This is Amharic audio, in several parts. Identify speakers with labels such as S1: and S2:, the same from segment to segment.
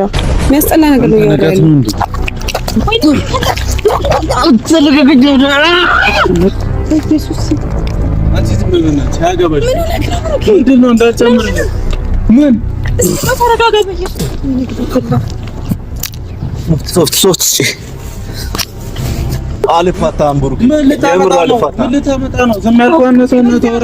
S1: የሚያስጠላ ነገር ነው ያለው።
S2: አልፋታም ነበር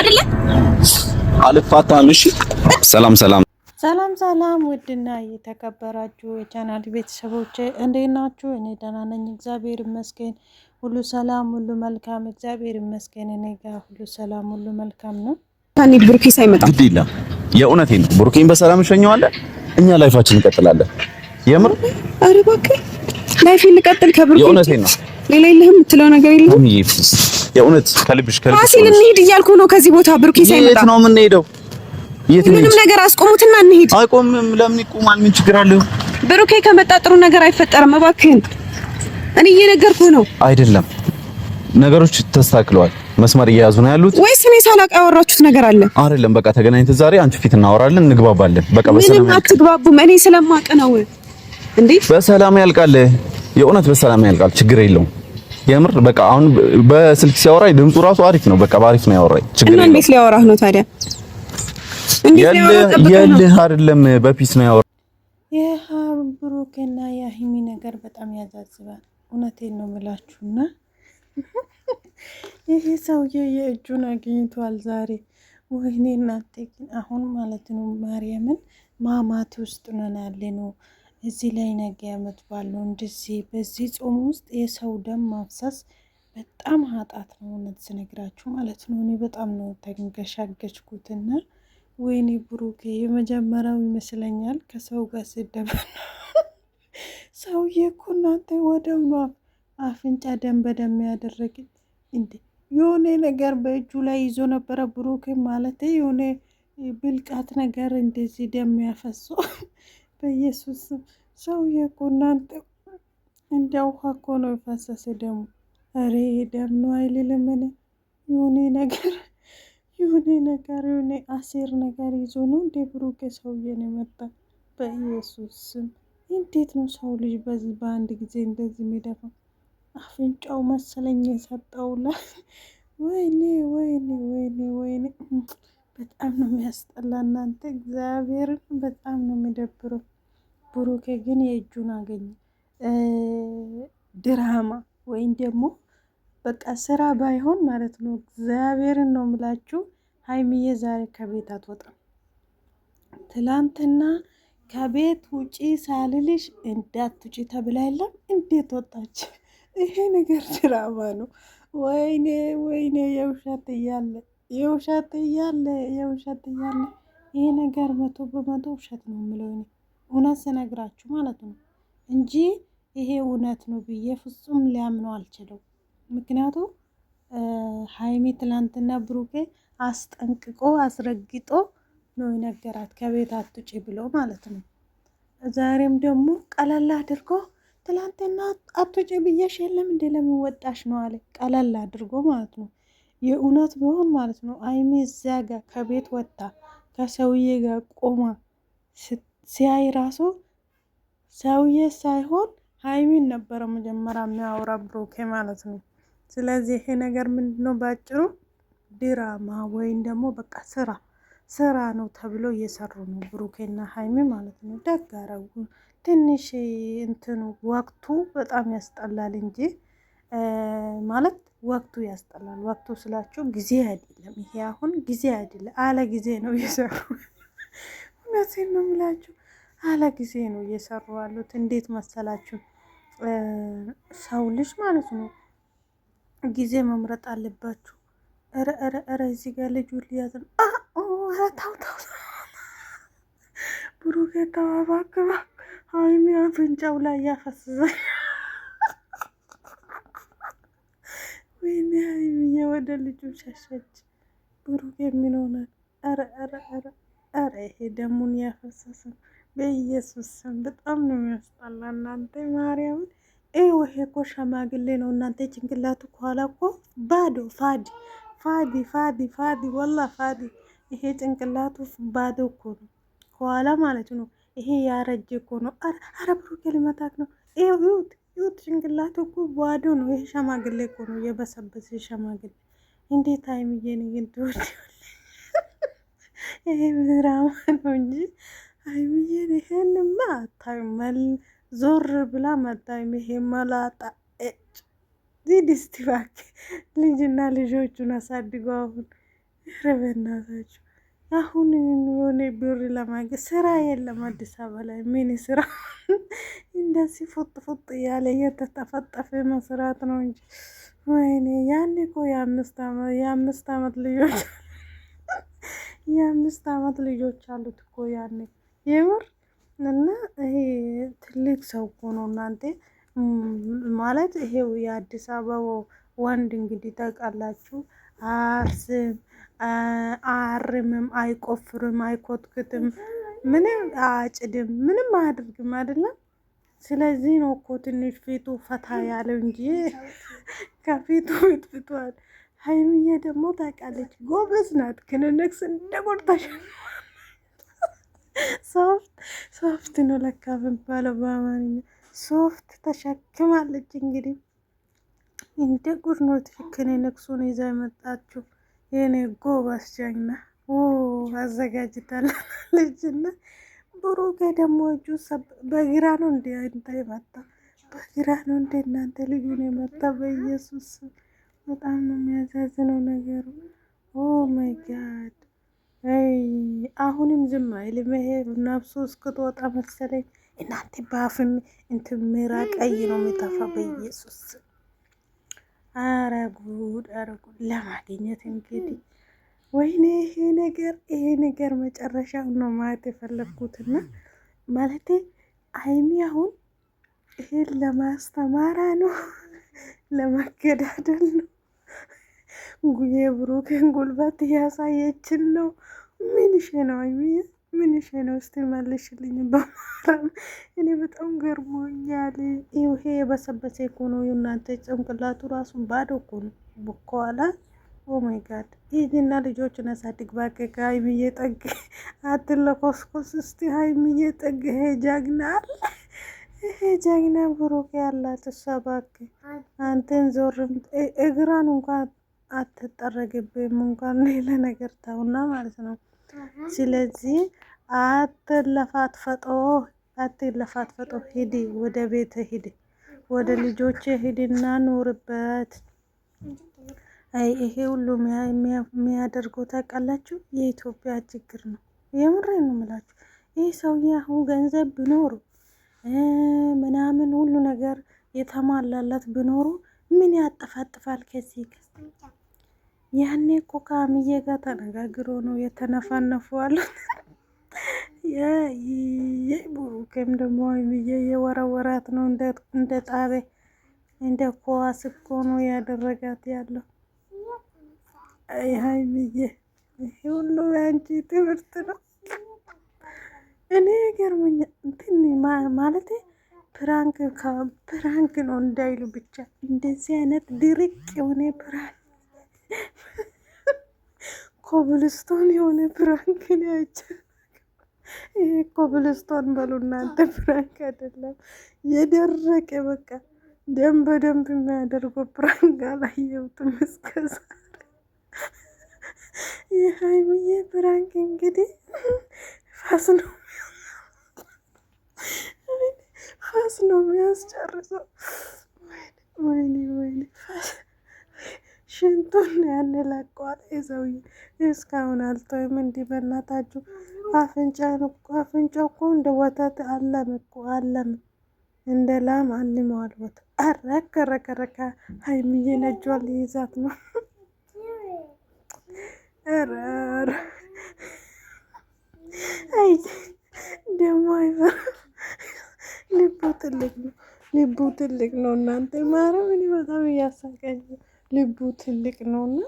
S2: አይደለ? አልፋታም። እሺ፣ ሰላም ሰላም
S1: ሰላም ሰላም። ውድና የተከበራችሁ የቻናል ቤተሰቦች እንዴት ናችሁ? እኔ ደህና ነኝ፣ እግዚአብሔር ይመስገን። ሁሉ ሰላም፣ ሁሉ መልካም፣ እግዚአብሔር ይመስገን። እኔ ጋር ሁሉ ሰላም፣ ሁሉ መልካም ነው። ታኒ ብሩኬ ሳይመጣ
S2: ግድ የለም የእውነቴ ነው። ብሩኬን በሰላም እንሸኘዋለን። እኛ ላይፋችን እንቀጥላለን። የምር
S1: አረ እባክህ ላይፍ ልቀጥል ከብሩኬ የእውነቴ ነው። ሌላ የለህም የምትለው ነገር
S2: የለም የእውነት ከልብሽ ከልብሽ
S1: ፋሲል እንሂድ እያልኩ ነው። ከዚህ ቦታ ብሩኬ ሳይመጣ
S2: የት ነው የምንሄደው? ምንም
S1: ነገር አስቆሙትና እንሂድ።
S2: አይቆምም። ለምን ይቆማል? ምን ችግር አለው?
S1: ብሩኬ ከመጣ ጥሩ ነገር አይፈጠርም። እባክህን እኔ እየነገርኩህ ነው።
S2: አይደለም ነገሮች ተስተካክለዋል። መስመር እየያዙ ነው ያሉት
S1: ወይስ እኔ ሳላውቅ ያወራችሁት ነገር አለ?
S2: አይደለም በቃ ተገናኝተን ዛሬ አንቺ ፊት እናወራለን፣ እንግባባለን። በቃ
S1: በሰላም ምንም አትግባቡም። እኔ ስለማውቅ ነው እንዴ።
S2: በሰላም ያልቃል። የእውነት በሰላም ያልቃል። ችግር የለውም። የምር በቃ አሁን በስልክ ሲያወራኝ ድምፁ ራሱ አሪፍ ነው። በቃ ባሪፍ ነው ያወራኝ።
S1: ችግር የለም። እንዴት ሊያወራህ ነው ታዲያ?
S2: ያለ አይደለም በፒስ ነው ያወራህ።
S1: የብሩክና የሀይሚ ነገር በጣም ያዛዝባል። እውነቴን ነው የምላችሁና ይሄ ሰውዬ የእጁን አግኝቷል ዛሬ። ወይኔ እናቴ! ግን አሁን ማለት ነው ማርያምን ማማት ውስጥ ነን ያለ ነው እዚህ ላይ ነገ ዓመት ባለው እንደዚህ በዚህ ጾም ውስጥ የሰው ደም ማፍሰስ በጣም ኃጢአት ነው። እውነት ስነግራችሁ ማለት ነው። እኔ በጣም ነው ተንገሻገችኩትና ወይኔ ብሩኬ የመጀመሪያው ይመስለኛል ከሰው ጋር ስደባ ሰውዬ እኮ እናንተ ወደው ነው አፍንጫ ደም በደም ያደረገ እንዴ! የሆነ ነገር በእጁ ላይ ይዞ ነበረ ብሩኬ ማለት የሆነ ብልቃት ነገር እንደዚህ ደም ያፈሶ በኢየሱስ ሰውዬ እኮ እናንተ እንደ ውሃ እኮ ነው የፈሰሰ ደሙ። ኧረ ደም ነው አይልልምን? የሆኔ ነገር የሆኔ ነገር የሆኔ አሴር ነገር ይዞ ነው እንዴ ብሩኬ ሰውዬን የመጣ። በኢየሱስ ስም እንዴት ነው ሰው ልጅ በዚህ በአንድ ጊዜ እንደዚህ የሚደፋ? አፍንጫው መሰለኝ የሰጠውላ። ወይኔ ወይኔ ወይኔ ወይኔ! በጣም ነው የሚያስጠላ እናንተ። እግዚአብሔርን በጣም ነው የሚደብረው። ብሩኬ ግን የእጁን አገኘ። ድራማ ወይም ደግሞ በቃ ስራ ባይሆን ማለት ነው። እግዚአብሔርን ነው ምላችሁ። ሀይሚዬ ዛሬ ከቤት አትወጣም። ትላንትና ከቤት ውጪ ሳልልሽ እንዳትውጪ ተብላ የለም እንዴት ወጣች? ይሄ ነገር ድራማ ነው። ወይኔ ወይኔ፣ የውሸት እያለ የውሸት እያለ የውሸት እያለ ይሄ ነገር መቶ በመቶ ውሸት ነው የምለው እውነት ስነግራችሁ ማለት ነው እንጂ ይሄ እውነት ነው ብዬ ፍጹም ሊያምነው አልችለው። ምክንያቱም ሀይሚ ትላንትና ብሩኬ አስጠንቅቆ አስረግጦ ነው ይነገራት ከቤት አትውጪ ብሎ ማለት ነው። ዛሬም ደግሞ ቀለል አድርጎ ትላንትና አትውጪ ብዬሽ የለም እንዴ ለምን ወጣሽ ነው አለ። ቀለል አድርጎ ማለት ነው። የእውነት ቢሆን ማለት ነው ሀይሚ እዚያ ጋር ከቤት ወጣ ከሰውዬ ጋር ቆማ ሲያይ ራሱ ሰውዬ ሳይሆን ሀይሚን ነበረ መጀመሪያ የሚያወራ ብሩኬ ማለት ነው። ስለዚህ ይሄ ነገር ምንድን ነው? ባጭሩ ድራማ ወይም ደግሞ በቃ ስራ ስራ ነው ተብሎ እየሰሩ ነው ብሩኬና ሀይሚ ማለት ነው። ደግ አረጉ። ትንሽ እንትኑ ወቅቱ በጣም ያስጠላል እንጂ ማለት ወቅቱ ያስጠላል። ወቅቱ ስላችሁ ጊዜ አይደለም። ይሄ አሁን ጊዜ አይደለም፣ አለ ጊዜ ነው እየሰሩ እውነቴን ነው የምላችሁ። አለ ጊዜ ነው እየሰሩ ያሉት። እንዴት መሰላችሁ ሰው ልጅ ማለት ነው ጊዜ መምረጥ አለባችሁ። ኧረ እዚህ ጋር ልጁ ልያዝ ነው። ኧረ ተው ተው ብሩኬ ተው እባክህ ሀይሚ አፍንጫው ላይ ያፈስዛል። ወይኔ ሀይሚዬ ወደ ልጁ ሸሸች። ብሩኬ ምን ሆነ? ኧረ ኧረ ይሄ ደሙን ያፈሰሰ በኢየሱስ ስም በጣም ነው የሚያስጠላ። እናንተ ማርያምን ይህ ይሄ እኮ ሸማግሌ ነው እናንተ። ጭንቅላቱ ከኋላ እኮ ባዶ ፋዲ ፋዲ ፋዲ ፋዲ ወላ ፋዲ። ይሄ ጭንቅላቱ ባዶ እኮ ነው ከኋላ ማለት ነው። ይሄ ያረጀ እኮ ነው። አረ ብሩክ ልመታት ነው። ይዩት ይዩት፣ ጭንቅላቱ እኮ ባዶ ነው። ይሄ ሸማግሌ እኮ ነው የበሰበሰ ሸማግሌ። እንዴት አይምዬን ይሄ ድራማ ነው እንጂ ሀይሚዬን ይሄንማ አታይም። ዞር ብላ መታይም። ይሄ መላጣ እጭ ዲስቲ እባክህ። ልጅና ልጆቹን አሳድጎ አሁን ኧረ አሁን የሆነ ብር ለማግ ስራ የለም አዲስ አበባ ላይ ምን ስራ እንደዚህ ፉጥ ፉጥ እያለ እየተጠፈጠፈ መስራት ነው እንጂ ወይኔ ያኔ እኮ የአምስት አመት ልጆች የአምስት አመት ልጆች አሉት እኮ ያኔ የምር እና ይሄ ትልቅ ሰው እኮ ነው እናንተ ማለት ይሄው የአዲስ አበባው ወንድ እንግዲህ ታውቃላችሁ፣ አርስም አርምም፣ አይቆፍርም፣ አይኮትክትም፣ ምንም አጭድም፣ ምንም አያደርግም አይደለም። ስለዚህ ነው እኮ ትንሽ ፊቱ ፈታ ያለው እንጂ ከፊቱ ፍትፍቷል። ሀይሚዬ ደግሞ ታውቃለች፣ ጎበዝ ናት። ክንነክስ እንደጎርታሻል ሶፍት ሶፍት ነው ለካ የሚባለው በአማርኛ። ሶፍት ተሸክማለች እንግዲህ እንደ ጉድ ነው። ትክክል ነቅሱን ይዛ የመጣችው የኔ ጎበዝ ጀግና አዘጋጅታለች ልጅና ብሩኬ ደግሞ እጁ በግራ ነው እንደ አንተ የመጣ በግራ ነው እንደ እናንተ ልዩ ነው የመጣ በኢየሱስ በጣም ነው የሚያዛዝነው ነገሩ። ኦ ማይ ጋድ አሁንም ዝም አይልም። ይሄ ነፍሱ እስክትወጣ መሰለኝ። እናንተ እንት ምራ ቀይ ነው የሚተፋ በኢየሱስ አረ ጉድ አረ ጉድ ለማግኘት እንግዲህ ወይኔ ይሄ ነገር ይሄ ነገር መጨረሻ ነው ማለት የፈለግኩትና ማለት አይሚ አሁን ይሄን ለማስተማራ ነው ለማገዳደል ነው የብሩክን ጉልበት እያሳየችን ነው። ምንሽ ነው አዩዬ? ምንሽ ነው? እስቲ መልሽልኝ በማረም እኔ በጣም ገርሞኛል። ይሄ የበሰበሰ እኮ ነው የእናንተ ጭንቅላቱ ራሱን ባዶ እኮ ነው በኋላ ኦማይ ጋድ ይህና ልጆቹን አሳድግ ባገጋ። ሀይሚዬ ጠግ አትለኮስኮስ እስቲ ሀይሚዬ ጠግ ይሄ ጀግና አለ ይሄ ጃግና ብሩክ ያላት እሷ ባክ አንተን ዞርም እግራን እንኳን አትጠረግብም እንኳን ሌላ ነገር ተውና ማለት ነው። ስለዚህ አትለፋት ፈጦ አትለፋት ፈጦ ሂድ፣ ወደ ቤት ሂድ፣ ወደ ልጆች ሂድና ኑርበት። ይሄ ሁሉ የሚያደርገው ታውቃላችሁ የኢትዮጵያ ችግር ነው። የምሬ ነው የምላችሁ። ይህ ሰውዬ አሁን ገንዘብ ቢኖሩ ምናምን ሁሉ ነገር የተሟላለት ቢኖሩ ምን ያጠፋጥፋል ከዚህ ያኔ እኮ ከአምዬ ጋር ተነጋግሮ ነው የተነፋነፉ አሉት። ቡሩኬም ደግሞ ሀይሚዬ የወረወራት ነው እንደ ጣቤ እንደ ኳስ እኮ ነው ያደረጋት ያለው። አይ ሀይሚዬ ሁሉ ያንቺ ትምህርት ነው። እኔ ገርሞኛ እንትን ማለት ፕራንክ ፕራንክ ነው እንዳይሉ ብቻ እንደዚህ አይነት ድርቅ የሆነ ፕራንክ ኮብልስቶን የሆነ ፕራንክ ያቸ ይሄ ኮብልስቶን በሉ እናንተ ፕራንክ አይደለም። የደረቀ በቃ ደም በደንብ የሚያደርገው ፕራንክ አላየሁትም እስከ ዛሬ። የሀይሚዬ ፕራንክ እንግዲህ ፋስ ነው ፋስ ነው የሚያስጨርሰው። ወይኔ ወይኔ ፋስ ሽንቱን ያን ለቋል። የሰውዬ እስካሁን አልተወይም። እንዲህ በእናታችሁ አፍንጫን እኮ አፍንጫ እኮ እንደ ወተት አለም እኮ አለም እንደ ላም አልመዋል። ወተት አረከረከረከ ሀይሚዬ ነጇል ሊይዛት ነው። ረር አይ ደግሞ አይፈ ልቡ ትልቅ ነው። ልቡ ትልቅ ነው። እናንተ ማረ ምን በጣም እያሳቀኝ ነው። ልቡ ትልቅ ነው እና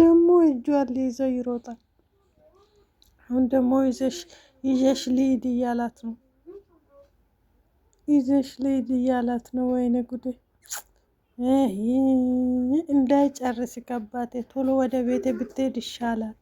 S1: ደግሞ እጇን ሊይዘው ይሮጣል። አሁን ደግሞ ይዘሽ ልሂድ እያላት ነው። ይዘሽ ልሂድ እያላት ነው። ወይኔ ጉዴ! እንዳይጨርስ ከባቴ ቶሎ ወደ ቤት ብትሄድ ይሻላል።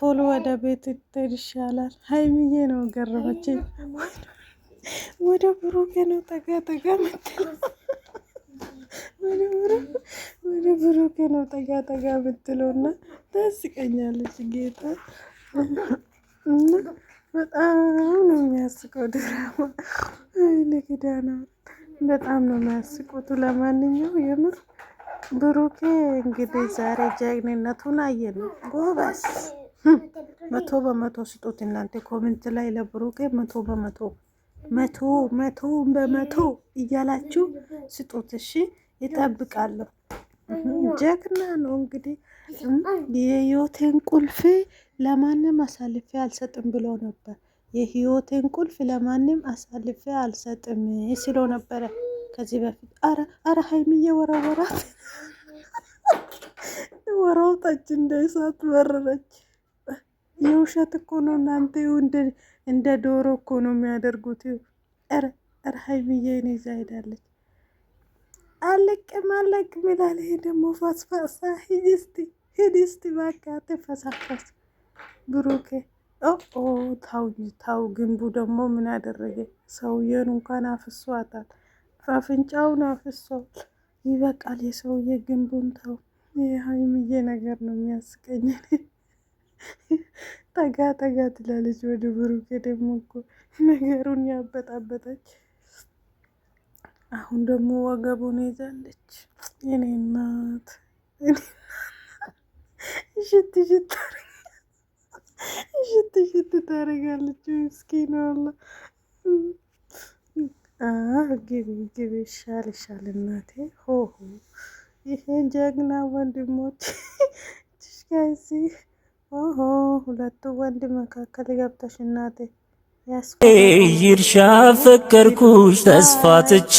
S1: ቶሎ ወደ ቤት ብትሄድ ይሻላል። ሀይሚዬ ነው ገረመችኝ። ወደ ብሩኬ ነው ጠጋ ጠጋ ወደ ብሩኬ ነው ጠጋ ጠጋ ብትለውና ታስቀኛለች። ጌታ እና በጣም ነው የሚያስቀው ድራማ ንግዳ ነው። በጣም ነው የሚያስቁቱ። ለማንኛው የምር ብሩኬ እንግዲህ ዛሬ ጀግንነቱን አየን። ጎበስ መቶ በመቶ ስጡት እናንተ ኮሜንት ላይ ለብሩኬ መቶ በመቶ መቶ መቶ በመቶ እያላችሁ ስጡት። እሺ ይጠብቃለሁ። ጀግና ነው እንግዲህ የህይወቴን ቁልፍ ለማንም አሳልፌ አልሰጥም ብሎ ነበር። የህይወቴን ቁልፍ ለማንም አሳልፌ አልሰጥም ስሎ ነበረ ከዚህ በፊት። አረ ሀይሚዬ ወረወራት፣ ወረወጠች፣ እንደ እሳት በረረች። የውሸት እኮ ነው እናንተ እንደ ዶሮ እኮ ነው የሚያደርጉት። ኧረ ኧረ ሀይሚዬ ነው ይዛ ሄዳለች አለቅም አለቅም ይላል። ይሄ ደግሞ ፋስፋሳ ሂድ እስቲ ሂድ እስቲ እባክህ ብሩኬ። ኦ ታው ታው ግንቡ ደግሞ ምን አደረገ? ሰውየን እንኳን አፍሷታል። አፍንጫውን አፍሷል። ይበቃል። የሰውየ ግንቡን ተው። ይህ ሀይሚዬ ነገር ነው የሚያስቀኝ። ጠጋ ጠጋ ትላለች። ወደ ብሩኬ ደግሞ እኮ ነገሩን ያበጣበጠች። አሁን ደግሞ ወገቡን ይዛለች። የኔ እናት ሽት ሽት ሽት ሽት ታደርጋለች። ምስኪን ዋላ ግቢ ግቢ፣ ይሻል ይሻል እናቴ። ሆሆ ይሄ ጀግና ወንድሞች ጋይሲ ኦሆ ሁለቱ ወንድ መካከል ገብተሽ እናቴ
S2: ይርሻ ፈቀርኩሽ ተስፋ ትቼ